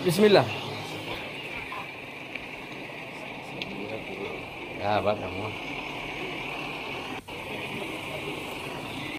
Bismillah. Ya, Pak, kamu.